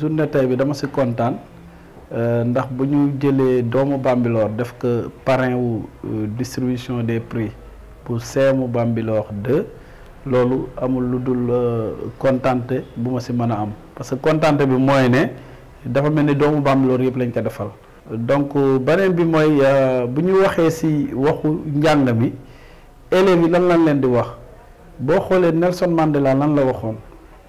journée tey bi dama si kontaan euh, ndax bu ñu jëlee doomu Bambilor def ko parrain wu euh, distribution des prix pour seemu Bambilor 2 loolu amul lu dul euh, kontante bu ma si mën a am parce que kontante bi mooy ne dafa mel ni doomu Bambilor yëpp lañ ko defal. donc beneen bi mooy bu ñu waxee si waxu njàng mi élèves yi lan lañ leen di wax boo xoolee Nelson Mandela lan la waxoon.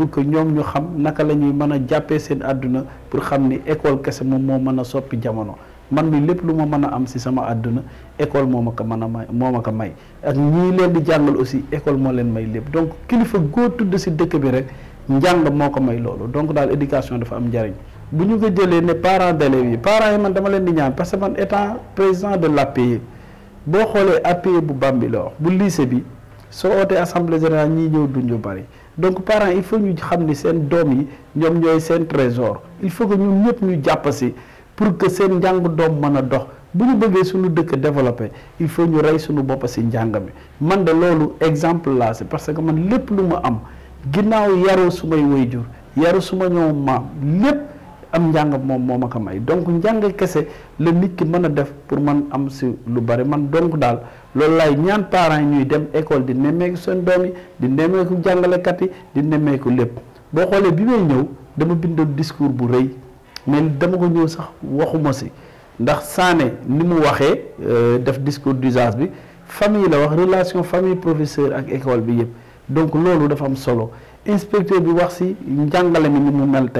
pour que ñoom ñu xam naka la ñuy mën a jàppee seen àdduna pour xam ni école kese moom moo man a soppi jamono man mi lépp lu ma mën a am si sama àdduna école moom ma ko mën a may moo ma ko may ak ñii leen di jàngal aussi école moo leen may lépp donc kilifa goo tudd si dëkk bi rek njàng moo ko may loolu donc daal éducation dafa am njariñ bu ñu ko jëlee ne parents d'élèves yi parents yi man dama leen di ñaan parce que man étant président de l'APE boo xoolee APE bu Bambilor bu lycée bi soo ootee assemblée générale ñii ñëw duñ ñu bari donc parents il faut ñu xam ni seen doom yi ñoom ñooy seen trésor il faut que ñu ñëpp ñu jàpp si pour que seen njàng doom mën a dox bu ñu bëggee suñu dëkk développé il faut ñu rey suñu bopp si njàng mi man de loolu exemple laa si parce que man lépp lu ma am ginnaaw yaru sumay jur yaru suma ñoom maam lépp. am njàng moom moo ma may donc njàng kese la nit ki mën a def pour man am si lu bari man donc daal loolu laay ñaan parents ñuy dem école di nemmeeku seen doom yi di nemmeeku jàngalekat yi di nemmeeku lépp boo xoolee bi may ñëw dama bindoon discours bu rëy mais dama ko ñëw sax waxuma si ndax Sané ni mu waxee euh, def discours d'usage bi famille la wax relation famille professeur ak école bi yëpp donc loolu dafa am solo inspecteur bi wax si njàngale mi ni mu mel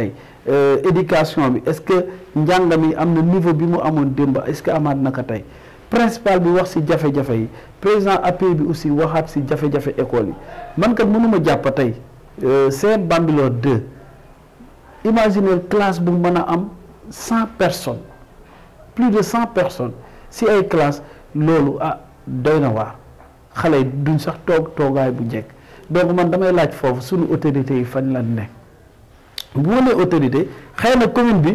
euh éducation bi est-ce que njàng mi am niveau bi mu amone est-ce que amaat na tay principal bi wax si jafé jafé yi président appui bi aussi waxat si jafé jafé école yi man kat japp tay euh seen Bambilor 2 imaginer classe bu meuna am 100 personnes plus de 100 personnes si ay classe lolu ah doyna na xalé duñ sax tok bu donc man damay laaj fofu suñu autorité yi fan la ne bu ma autorité xëy commune bi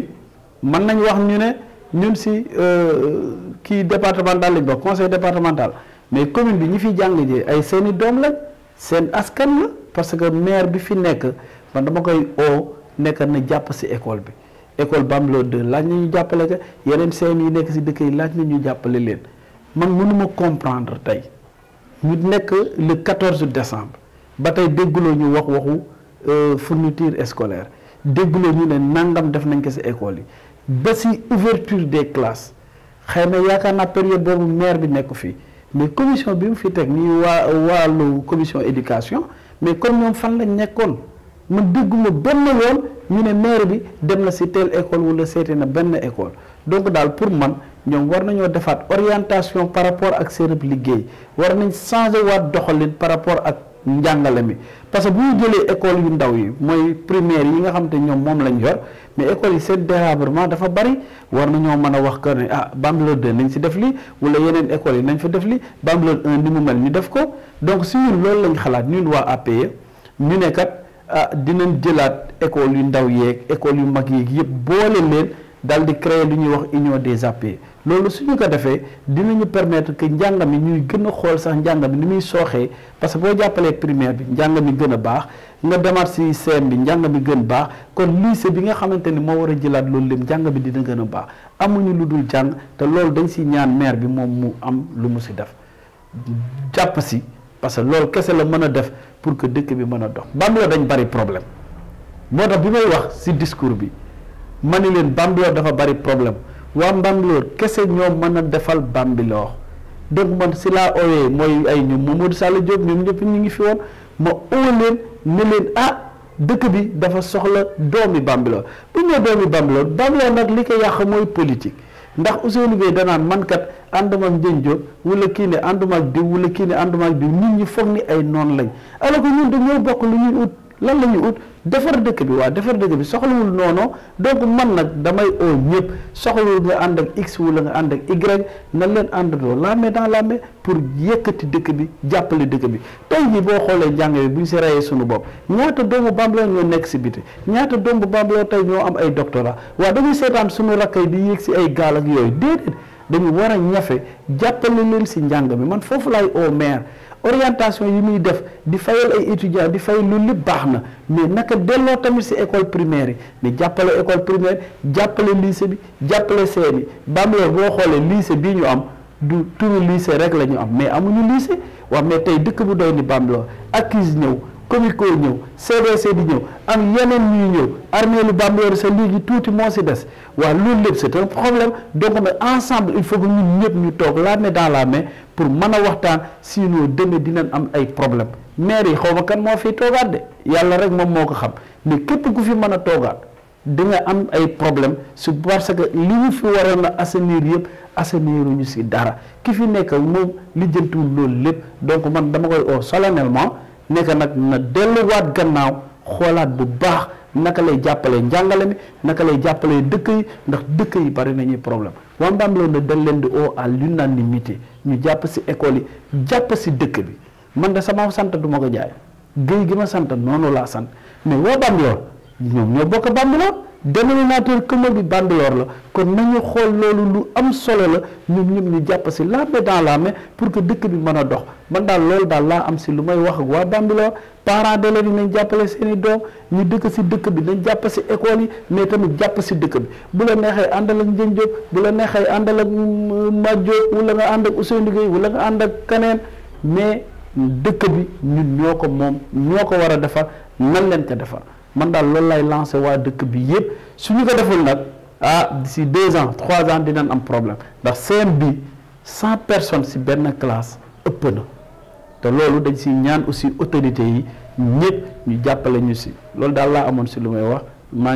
man nañ wax ñu ne ñun si euh, ki départemental lañ bok conseil départemental mais commune bi ñi fi jàng ji ay seeni doom lañ seen askan la parce que maire bi fi nekk man dama koy oo nekk na jàpp si école bi école Bambilor de laaj na ñu jàppale ka yeneen seen yi nekk si dëkk yi laaj na ñu jàppale leen man mënuma comprendre tey ñu nekk le 14 décembre ba tey dégguloo ñu wax waxu euh, fourniture scolaire des ñu né nangam def nañ ko écoles école yi ba ci ouverture des classes xëy na période boobu maire bi nekk fi mais commission bi mu fi tek ni waa commission éducation mais comme ñom fan lañ nekkoon man dégguma benn yoon ñu né maire bi dem na ci telle école wala seeti na benn école donc le pour man ñom war nañu defat orientation par rapport ak seen liggéey war nañ changer avoir doxalin par rapport ak. njàngale mi parce que bu mu jëlee école yu ndaw yi mooy primaire yi nga xam te ñoom moom lañ yor mais école yi seen délabrement dafa bari war nañoo mën a wax que ne ah Bambilor 2 nañ si def li wala yeneen écoles yi nañ fa def li Bambilor 1 ni mu mel ñu def ko donc si ñun loolu lañ xalaat ñun waa APE ñu ne kat ah dinañ jëlaat école yu ndaw yeeg école yu mag yeeg yëpp boole leen. dal di créer lu ñuy wax union des AP e. lolu suñu ko défé dinañu permettre que njangam mi ñuy gën a sax njangam mi ni muy soxé parce que bo jappalé primaire bi njangam mi gën a baax nga demaat ci CM bi njangam bi gën baax kon lycée bi nga xamanteni ni wara jëlat lolu lim njangam bi dina gëna a baax amuñu luddul jang té lolu dañ ci ñaan maire bi mom mu am lu mu ci def japp ci parce que lolu kese la mëna def pour que dëkk bi mëna a dox bam la dañ bari problème moo bi may wax si discours bi ma ni leen Bambilor dafa bari problème waa Bambilor kese ñoo mën a defal Bambilor donc man si laa oowee mooy ay ñoom Mamadou Sall Diop ñoom ñëpp ñu ngi fi woon ma oo ne leen ah dëkk bi dafa soxla doomi Bambilor bu ñu nee doomi Bambilor Bambilor nag li ko yàq mooy politique ndax Ousseynou Gueye danaan mankat kat ànduma ak Ndiène Diop wala kii ne ànduma ak diw wala kii ne ànduma ak diw nit ñi foog ni ay noon lañ alors que ñun dañoo bokk lu ñuy ut. lan la ñuy ut defar dëkk bi waa defar dëkk bi soxlawul noonu donc man nag damay oo ñëpp soxlawul nga ànd ak x wala nga ànd ak y na leen àndandoo laame dans laame pour yëkkati dëkk bi jàppale dëkk bi tey jii boo xoolee njàng bi bu ñu si rayee suñu bopp ñaata doomu Bambilor ñoo nekk si biti ñaata doomu Bambilor tey ñoo am ay doctorat waa dañuy seetaan suñu rakkay di yéeg si ay gaal ak yooyu déedéet dañu war a ñafe jàppale leen si njàng bi man foofu laay oo maire orientation yi muy def di fayal ay étudiants di fayal lu lépp baax na mais naka delloo tamit si école primaire yi ni jàppale école primaire jàppale lycée bi jàppale CM yi Bambilor boo xoolee lycée bii ñu am du turu lycée rek la ñu am mais amuñu lycée wax mais tey dëkk bu doy ni Bambilor ak ñëw. comico ñëw CBC di ñëw am yeneen ñuy ñëw armée lu Bambilor sa léegi tuuti moo si des waaw loolu lépp c'est un problème donc nag ensemble il ñu toog la main dans la main pour mën a waxtaan sinon demee dinañ am ay problème maire yi xaw ma kan moo fiy toogaat yàlla rek moom moo ko xam mais képp ku fi mën a toogaat di am ay problème su parce que li ñu fi waroon a yëpp assainir ñu si dara ki fi nekk moom lijjantiwul loolu lépp donc man dama koy oo solennellement nekk nag na delluwaat gannaaw xoolaat bu baax naka lay jàppale njàngale mi naka lay jàppalee dëkk yi ndax dëkk yi bari nañuy problème wambaam loolu na dañ leen di oo à l'unanimité ñu jàpp si école yi jàpp si dëkk bi man de sama sant du ma ko jaay géy gi ma sant noonu laa sant mais waa Bambilor ñoom ñoo bokk Bambilor dénominateur commun bi Bambilor la kon nañu xool loolu lu am solo la ñoom ñoom ñu jàpp si la main dans la main pour que dëkk bi mën a dox man daal loolu daal laa am si lu may wax ak waa Bambilor parents d'élèves yi nañ jàppale seen i doom ñu dëkk si dëkk bi nañ jàpp si école yi mais tamit jàpp si dëkk bi bu la neexee àndal ak Ndiène Diop bu la neexee àndal ak mm, Mate Diop wala nga ànd ak Ousseynou Gueye wala nga ànd ak keneen mais dëkk bi ñun ñoo ko moom ñoo ko war a defar nan leen ko defar. man dal lool lay lancer wa deuk bi yëpp suñu ko deful nak ah d'ici 2 ans 3 ans dinañ am problème ndax CM bi 100 personnes ci ben classe ëpp na te loolu dañ ci ñaan aussi autorité yi ñepp ñu jappalé ñu ci loolu dal la amone ci lumay wax maa